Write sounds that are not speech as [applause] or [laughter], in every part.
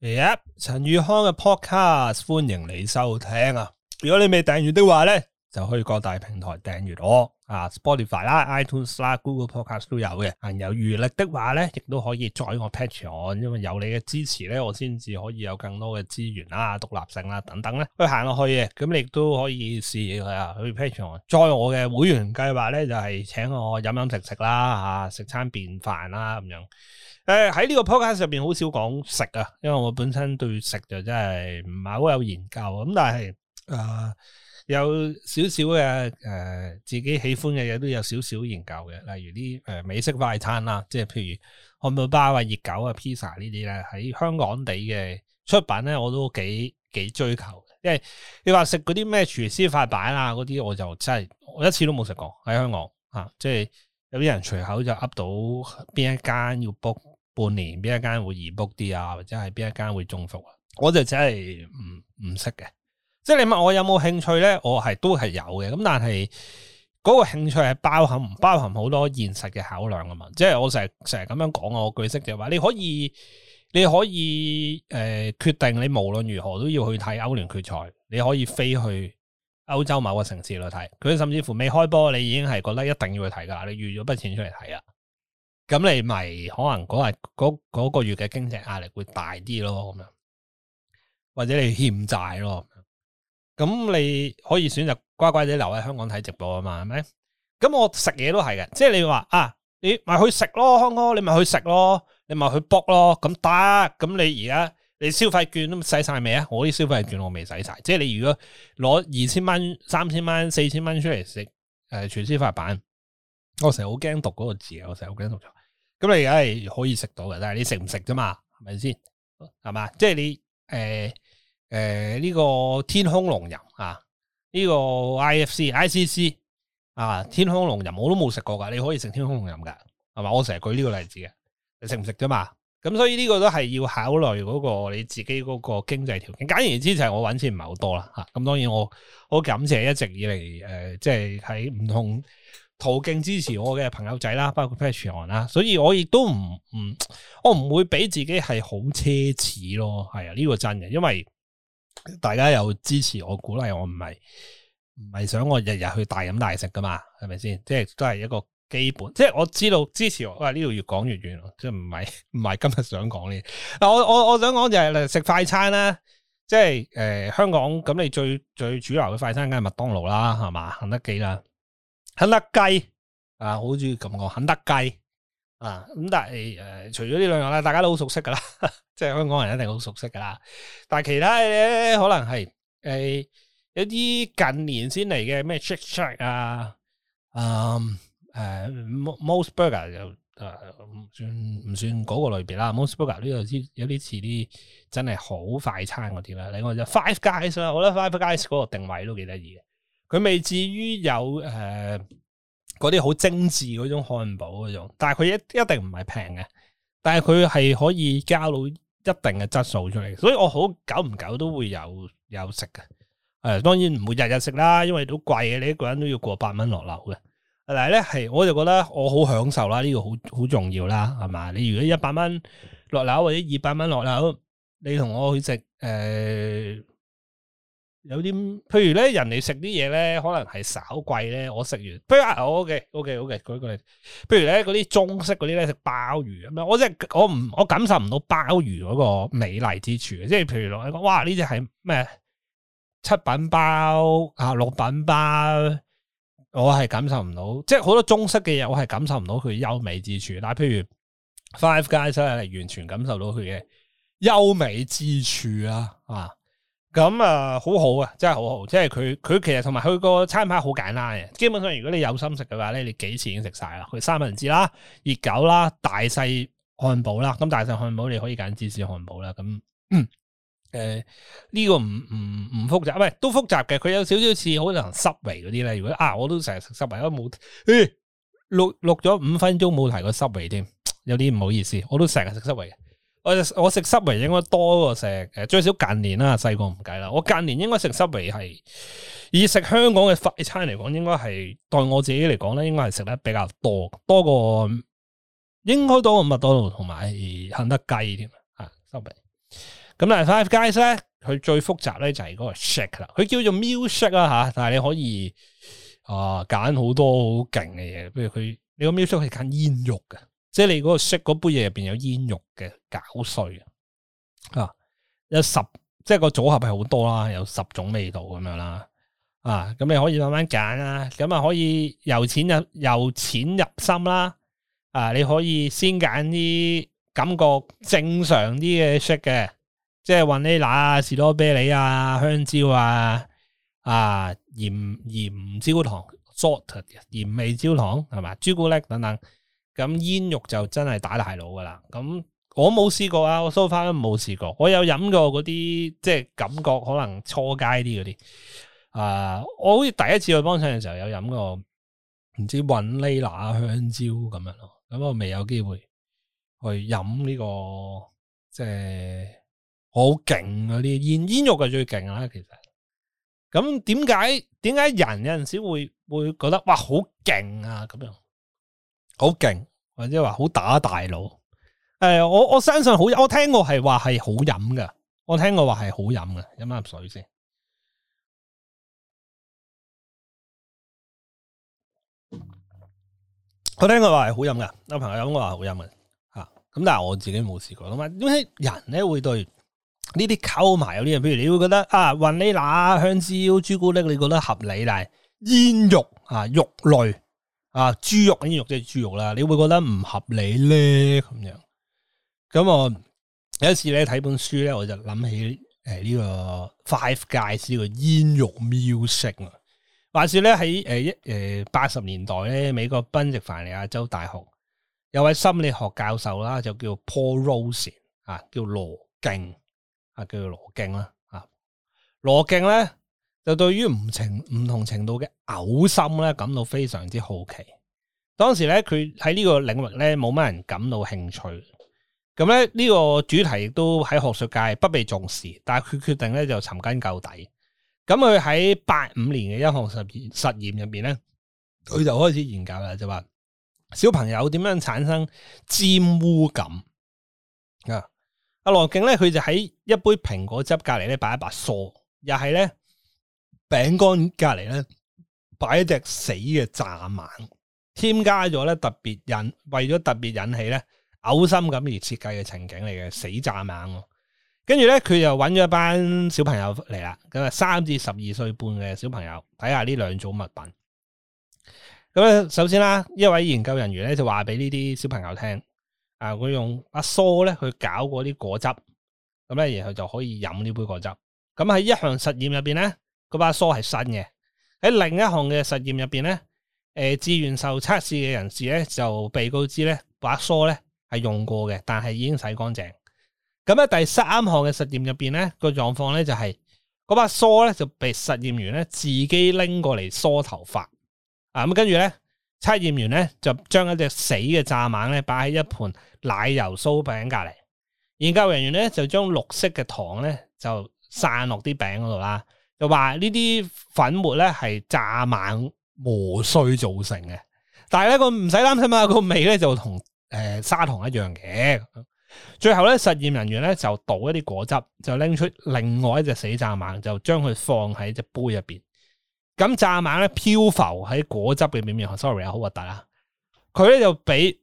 耶！陳宇、yep, 康嘅 podcast，歡迎你收聽啊！如果你未訂閱的話咧，就去各大平台訂閱我啊，Spotify 啦、iTunes 啦、Google Podcast 都有嘅。有餘力的話咧，亦都可以載我 Patreon，因為有你嘅支持咧，我先至可以有更多嘅資源啊、獨立性啦等等咧，都行落去嘅。咁你亦都可以試佢啊，去 Patreon，載我嘅會員計劃咧，就係、是、請我飲飲食食啦，吓、啊、食餐便飯啦，咁樣。誒，喺呢、呃、個 podcast 上面好少講食啊，因為我本身對食就真係唔係好有研究，咁、嗯、但係誒、呃、有少少嘅誒自己喜歡嘅嘢都有少少研究嘅，例如啲誒、呃、美式快餐啦、啊，即係譬如漢堡包啊、熱狗啊、pizza 呢啲咧，喺香港地嘅出品咧，我都幾幾追求嘅。因為你話食嗰啲咩廚師發辦啊嗰啲，我就真係我一次都冇食過喺香港啊，即係有啲人隨口就噏到邊一間要 book。半年邊一間會易 book 啲啊，或者係邊一間會中伏啊？我就真係唔唔識嘅，即係你問我有冇興趣呢？我係都係有嘅，咁但係嗰個興趣係包含唔包含好多現實嘅考量啊嘛？即係我成成日咁樣講，我句式就話你可以，你可以誒、呃、決定你無論如何都要去睇歐聯決賽，你可以飛去歐洲某個城市去睇，佢甚至乎未開波，你已經係覺得一定要去睇噶啦，你預咗筆錢出嚟睇啊！咁你咪可能嗰日個月嘅經濟壓力會大啲咯，咁樣或者你欠債咯，咁你可以選擇乖乖哋留喺香港睇直播啊嘛，係咪？咁我食嘢都係嘅，即係你話啊，你咪去食咯，康哥，你咪去食咯，你咪去博咯，咁得？咁你而家你消費券都使晒未啊？我啲消費券我未使晒，即係你如果攞二千蚊、三千蚊、四千蚊出嚟食誒全私法版，我成日好驚讀嗰個字啊，我成日好驚讀咁你而家係可以食到嘅，但係你食唔食啫嘛？係咪先？係嘛？即係你誒誒呢個天空龍吟啊，呢個 IFC ICC 啊，天空龍吟我都冇食過噶，你可以食天空龍吟噶，係嘛？我成日舉呢個例子嘅，你食唔食啫嘛？咁所以呢個都係要考慮嗰個你自己嗰個經濟條件。簡而言之就係我揾錢唔係好多啦吓。咁當然我我感謝一直以嚟，誒，即係喺唔同。途徑支持我嘅朋友仔啦，包括 Patron 啦，所以我亦都唔唔，我唔會俾自己係好奢侈咯。係啊，呢個真嘅，因為大家有支持我、鼓勵我，唔係唔係想我日日去大飲大食噶嘛？係咪先？即係都係一個基本。即係我知道支持我。喂，呢度越講越遠咯，即係唔係唔係今日想講呢？嗱，我我我想講就係嚟食快餐啦。即係誒、呃，香港咁你最最主流嘅快餐梗係麥當勞啦，係嘛，肯德基啦。肯德基啊，好中意咁講，肯德基啊，咁但係誒、呃，除咗呢兩樣咧，大家都好熟悉噶啦，即係、就是、香港人一定好熟悉噶啦。但係其他嘅咧、呃，可能係誒一啲近年先嚟嘅咩 Shake Shack 啊，嗯誒、呃、，MOS Burger 就、呃、誒，算唔算嗰個類別啦？MOS Burger 呢度有啲有啲似啲真係好快餐嗰啲啦。另外就 Five Guys 啦，我覺得 Five Guys 嗰個定位都幾得意嘅。佢未至於有誒嗰啲好精緻嗰種漢堡嗰種，但係佢一一定唔係平嘅，但係佢係可以交到一定嘅質素出嚟，所以我好久唔久都會有有食嘅。誒、呃、當然唔會日日食啦，因為都貴嘅，你一個人都要過百蚊落樓嘅。但係咧係，我就覺得我好享受啦，呢、呢個好好重要啦，係嘛？你如果一百蚊落樓或者二百蚊落樓，你同我去食誒。呃有啲，譬如咧，人哋食啲嘢咧，可能係稍貴咧。我食完，不如我 OK，OK，OK 舉個例，譬如咧，嗰啲中式嗰啲咧食鮑魚咁樣，我即係我唔，我感受唔到鮑魚嗰個美麗之處，即係譬如我講，哇，呢隻係咩七品鮑啊，六品鮑，我係感受唔到，即係好多中式嘅嘢，我係感受唔到佢優美之處。但係譬如 Five Guys 係完全感受到佢嘅優美之處啊，啊！咁啊、嗯，好好啊，真係好好！即係佢佢其實同埋佢個餐牌好簡單嘅，基本上如果你有心食嘅話咧，你幾次已經食晒啦。佢三文治啦、熱狗啦、大細漢堡啦，咁、嗯、大細漢堡你可以揀芝士漢堡啦。咁誒呢個唔唔唔複雜，唔係都複雜嘅。佢有少少似可能 Shake Shake 嗰啲咧。如果啊，我都成日食 Shake Shake，我冇錄錄咗五分鐘冇提過 Shake Shake 添，有啲唔好意思，我都成日食 Shake Shake 嘅。我食我食 subway 應該多過食，誒最少近年啦，細個唔計啦。我近年應該食 subway 係，以食香港嘅快餐嚟講，應該係對我自己嚟講咧，應該係食得比較多，多過應該多過麥當勞同埋肯德雞添啊 subway，咁但係 Five Guys 咧，佢最複雜咧就係嗰個 shake 啦，佢叫做 milkshake 啦吓，但係你可以啊揀好多好勁嘅嘢，譬如，佢你個 milkshake 係揀煙肉嘅。即係你嗰個 shake 嗰杯嘢，入邊有煙肉嘅攪碎啊，有十即係個組合係好多啦，有十種味道咁樣啦啊，咁你可以慢慢揀啦，咁啊可以由淺入由淺入深啦啊，你可以先揀啲感覺正常啲嘅 shake 嘅，即係雲呢拿士多啤梨啊、香蕉啊、啊鹽鹽焦糖、salt 鹽味焦糖係嘛、朱古力等等。咁煙肉就真係打大佬噶啦，咁我冇試過啊，我 so far 都冇試過。我有飲過嗰啲，即係感覺可能初階啲嗰啲。啊、呃，我好似第一次去幫襯嘅時候有飲過，唔知雲呢拿香蕉咁樣咯。咁我未有機會去飲呢、這個，即係好勁嗰啲煙煙肉係最勁啦。其實，咁點解點解人有陣時會會覺得哇好勁啊咁樣，好勁。或者話好打大佬，誒、哎，我我相信好，我聽過係話係好飲噶，我聽過話係好飲噶，飲粒水先。我聽過話係好飲噶，有朋友咁我話好飲嘅，吓，咁但係我自己冇試過，咁啊，因為人咧會對呢啲溝埋有啲嘢，譬如你會覺得啊，雲呢拿、香蕉、朱古力，你覺得合理，但係煙肉啊，肉類。啊，豬肉煙肉即係豬肉啦，你會覺得唔合理咧咁樣？咁我有一次咧睇本書咧，我就諗起誒呢、呃這個 Five Guys 嘅煙肉 music 啊，話說咧喺誒一誒八十年代咧，美國賓夕凡尼亞州大學有位心理學教授啦，就叫 Paul Rosen 啊，叫羅敬啊，叫做羅敬啦，啊羅敬咧。就對於唔情唔同程度嘅嘔心咧，感到非常之好奇。當時咧，佢喺呢個領域咧，冇乜人感到興趣。咁咧，呢個主題亦都喺學術界不被重視。但係佢決定咧，就尋根究底。咁佢喺八五年嘅一項實驗實驗入邊咧，佢就開始研究啦，就話小朋友點樣產生沾污感啊？阿羅敬咧，佢就喺一杯蘋果汁隔籬咧擺一把梳，又係咧。餅乾隔籬咧擺一隻死嘅蚱蜢，添加咗咧特別引為咗特別引起咧嘔心感而設計嘅情景嚟嘅死蚱蜢。跟住咧佢又揾咗一班小朋友嚟啦，咁啊三至十二歲半嘅小朋友睇下呢兩組物品。咁咧首先啦，一位研究人員咧就話俾呢啲小朋友聽，啊佢用阿梳咧去搞嗰啲果汁，咁咧然後就可以飲呢杯果汁。咁喺一項實驗入邊咧，嗰把梳係新嘅。喺另一項嘅實驗入邊咧，誒、呃，自願受測試嘅人士咧就被告知咧，把梳咧係用過嘅，但係已經洗乾淨。咁咧第三項嘅實驗入邊咧，個狀況咧就係、是、嗰把梳咧就被實驗員咧自己拎過嚟梳頭髮。啊咁，跟住咧，測驗員咧就將一隻死嘅蚱蜢咧擺喺一盤奶油酥餅隔籬，研究人員咧就將綠色嘅糖咧就散落啲餅嗰度啦。就話呢啲粉末咧係蚱蜢磨碎造成嘅。但係咧個唔使擔心啊，個味咧就同誒砂糖一樣嘅。最後咧，實驗人員咧就倒一啲果汁，就拎出另外一隻死蚱蜢，就將佢放喺隻杯入邊。咁蚱蜢咧漂浮喺果汁嘅表面，sorry 啊，好核突啊！佢咧就俾誒、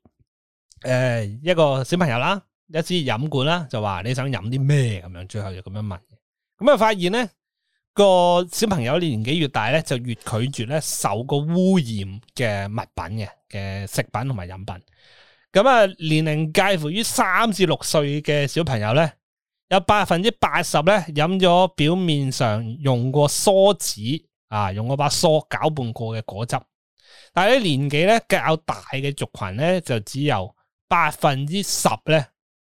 呃、一個小朋友啦，一支飲管啦，就話你想飲啲咩咁樣？最後就咁樣問，咁啊發現咧。個小朋友年年紀越大咧，就越拒絕咧受過污染嘅物品嘅嘅食品同埋飲品。咁啊，年齡介乎於三至六歲嘅小朋友咧，有百分之八十咧飲咗表面上用過梳子啊，用嗰把梳攪拌過嘅果汁。但係啲年紀咧較大嘅族群咧，就只有百分之十咧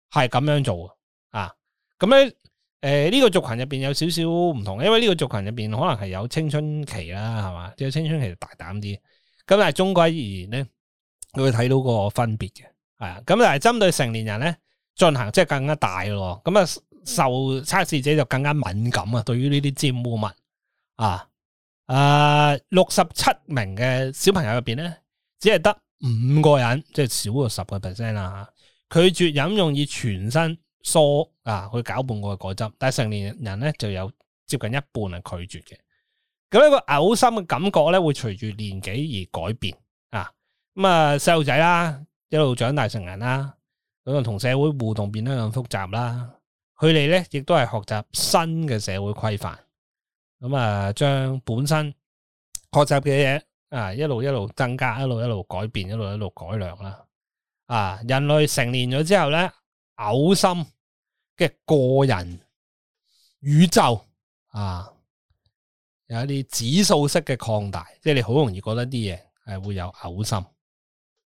係咁樣做啊。咁咧。誒，呢、呃這個族群入邊有少少唔同，因為呢個族群入邊可能係有青春期啦，係嘛，即係青春期就大膽啲。咁但係中規而言咧，你會睇到個分別嘅，係啊、嗯。咁、嗯、但係針對成年人咧，進行即係更加大咯。咁、嗯、啊，受測試者就更加敏感於啊，對於呢啲污染物啊。誒，六十七名嘅小朋友入邊咧，只係得五個人，即係少過十個 percent 啦。拒絕飲用以全身。梳啊，去攪拌個果汁，但係成年人咧就有接近一半係拒絕嘅。咁呢個嘔心嘅感覺咧，會隨住年紀而改變啊。咁、嗯、啊，細路仔啦，一路長大成人啦，咁啊同社會互動變得咁複雜啦。佢哋咧亦都係學習新嘅社會規範，咁啊將、啊、本身學習嘅嘢啊一路一路增加，一路一路改變，一路一路改良啦。啊，人類成年咗之後咧。嘔心嘅個人宇宙啊，有一啲指數式嘅擴大，即係你好容易覺得啲嘢係會有嘔心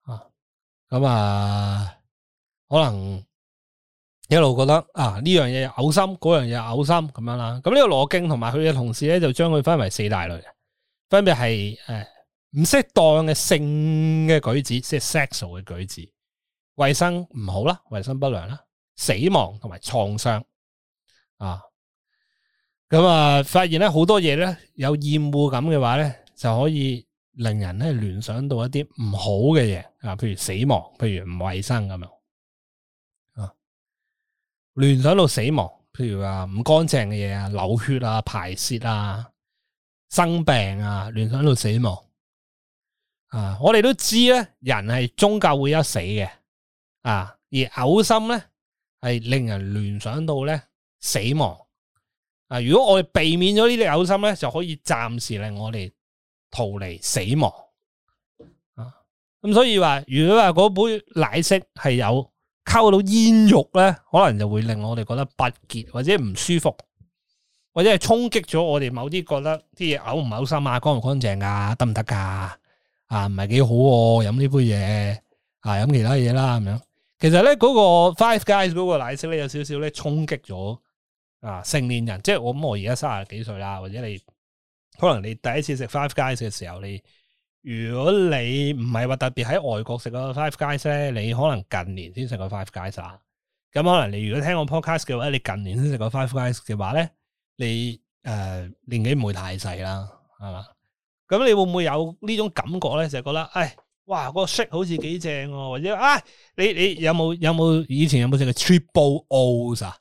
啊，咁、嗯、啊，可能一路覺得啊呢樣嘢有嘔心，嗰樣嘢有嘔心咁樣啦。咁呢個羅京同埋佢嘅同事咧，就將佢分為四大類，分別係誒唔適當嘅性嘅舉止，即係 sexual 嘅舉止。衛生唔好啦，衛生不良啦，死亡同埋創傷啊！咁、嗯、啊，發現咧好多嘢咧有厭惡感嘅話咧，就可以令人咧聯想到一啲唔好嘅嘢啊，譬如死亡，譬如唔衛生咁樣啊，聯想到死亡，譬如話唔乾淨嘅嘢啊，流血啊，排泄啊，生病啊，聯想到死亡啊！我哋都知咧，人係終究會一死嘅。啊！而嘔心咧，係令人聯想到咧死亡。啊！如果我哋避免咗呢啲嘔心咧，就可以暫時令我哋逃離死亡。啊！咁所以話，如果話嗰杯奶昔係有溝到煙肉咧，可能就會令我哋覺得不潔或者唔舒服，或者係衝擊咗我哋某啲覺得啲嘢嘔唔嘔心啊，乾唔乾淨啊，得唔得㗎？啊，唔係幾好，飲呢杯嘢啊，飲其他嘢啦咁樣。其實咧嗰個 Five Guys 嗰個奶昔咧有少少咧衝擊咗啊成年人，即係我，咁我而家卅幾歲啦，或者你可能你第一次食 Five Guys 嘅時候，你如果你唔係話特別喺外國食個 Five Guys 咧，你可能近年先食過 Five Guys 啊。咁可能你如果聽我 Podcast 嘅話，你近年先食過 Five Guys 嘅話咧，你誒、呃、年紀唔會太細啦，係嘛？咁你會唔會有呢種感覺咧？就係覺得誒。唉哇，個 shake 好似幾正喎，或者啊，你你有冇有冇以前有冇食過 Triple O 啊？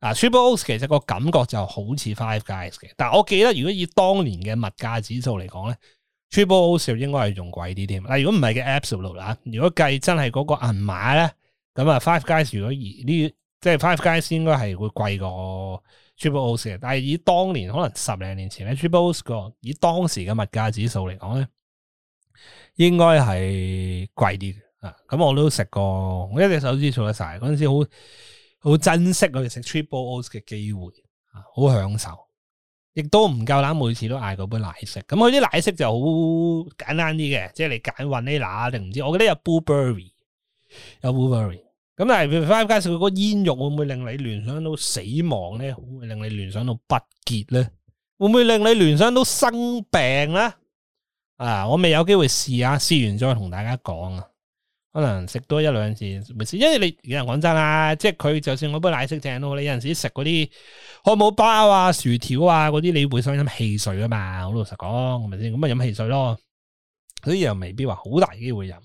嗱，Triple O 其實個感覺就好似 Five Guys 嘅，但係我記得如果以當年嘅物價指數嚟講咧，Triple O 食應該係仲貴啲添。嗱，如果唔係嘅 Absolute 啦、啊，如果計真係嗰個銀碼咧，咁啊 Five Guys 如果而呢，即係 Five Guys 應該係會貴過 Triple O 嘅。但係以當年可能十零年前 Triple O 個以當時嘅物價指數嚟講咧。應該係貴啲啊！咁我都食過，我一隻手指做得晒。嗰陣時好好珍惜我食 Triple O s 嘅機會啊，好享受。亦都唔夠啦，每次都嗌嗰杯奶昔。咁佢啲奶昔就好簡單啲嘅，即係你揀混啲奶定唔知？我覺得有 Blueberry，有 Blueberry。咁、啊、但係翻 i 介紹佢嗰煙肉會唔會令你聯想到死亡咧？會唔會令你聯想到不潔咧？會唔會令你聯想到生病咧？啊！我未有機會試下，試完再同大家講啊。可能食多一兩次，咪先。因為你有人講真啦，即係佢就算我杯奶昔正咯，你有陣時食嗰啲漢堡包啊、薯條啊嗰啲，你會想飲汽水噶嘛？好老實講，我咪先咁啊，飲汽水咯。所以又未必話好大機會飲。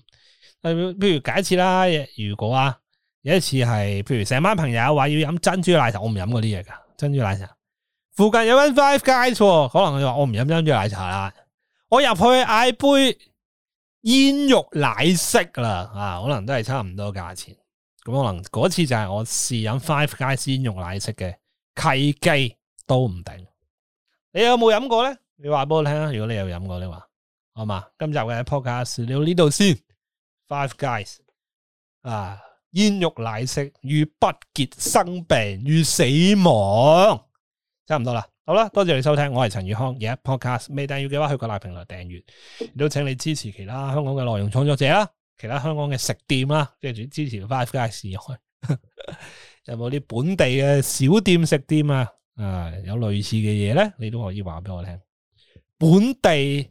譬如假設啦，如果啊，有一次係，譬如成班朋友話要飲珍珠奶茶，我唔飲嗰啲嘢噶珍珠奶茶。附近有間 Five Guys，可能佢就話我唔飲珍珠奶茶啦。我入去嗌杯煙肉奶昔啦，啊，可能都係差唔多價錢。咁可能嗰次就係我試飲 Five Guys 煙肉奶昔嘅契機都唔定。你有冇飲過咧？你話俾我聽啊！如果你有飲過，你話好嘛？今集嘅 Podcast 到呢度先。Five Guys 啊，煙肉奶昔與不潔、生病與死亡，差唔多啦。好啦，多謝你收聽，我係陳宇康，而家 podcast 未訂閱嘅話，去各大平台訂閱。亦都請你支持其他香港嘅內容創作者啦，其他香港嘅食店啦，即係支持 Five Guys 開。 [laughs] 有冇啲本地嘅小店食店啊？啊，有類似嘅嘢咧，你都可以話俾我聽。本地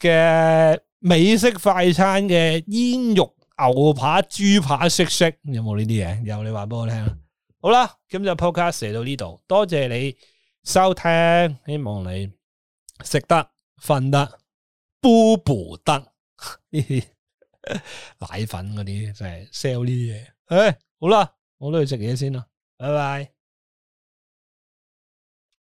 嘅美式快餐嘅煙肉牛扒、豬扒食食，有冇呢啲嘢？有你話俾我聽。好啦，咁就 podcast 嚟到呢度，多謝你。收聽，希望你食得、瞓得、煲煲得 [laughs] 奶粉嗰啲，就係 sell 呢啲嘢。誒，好啦，我都去食嘢先啦，拜拜。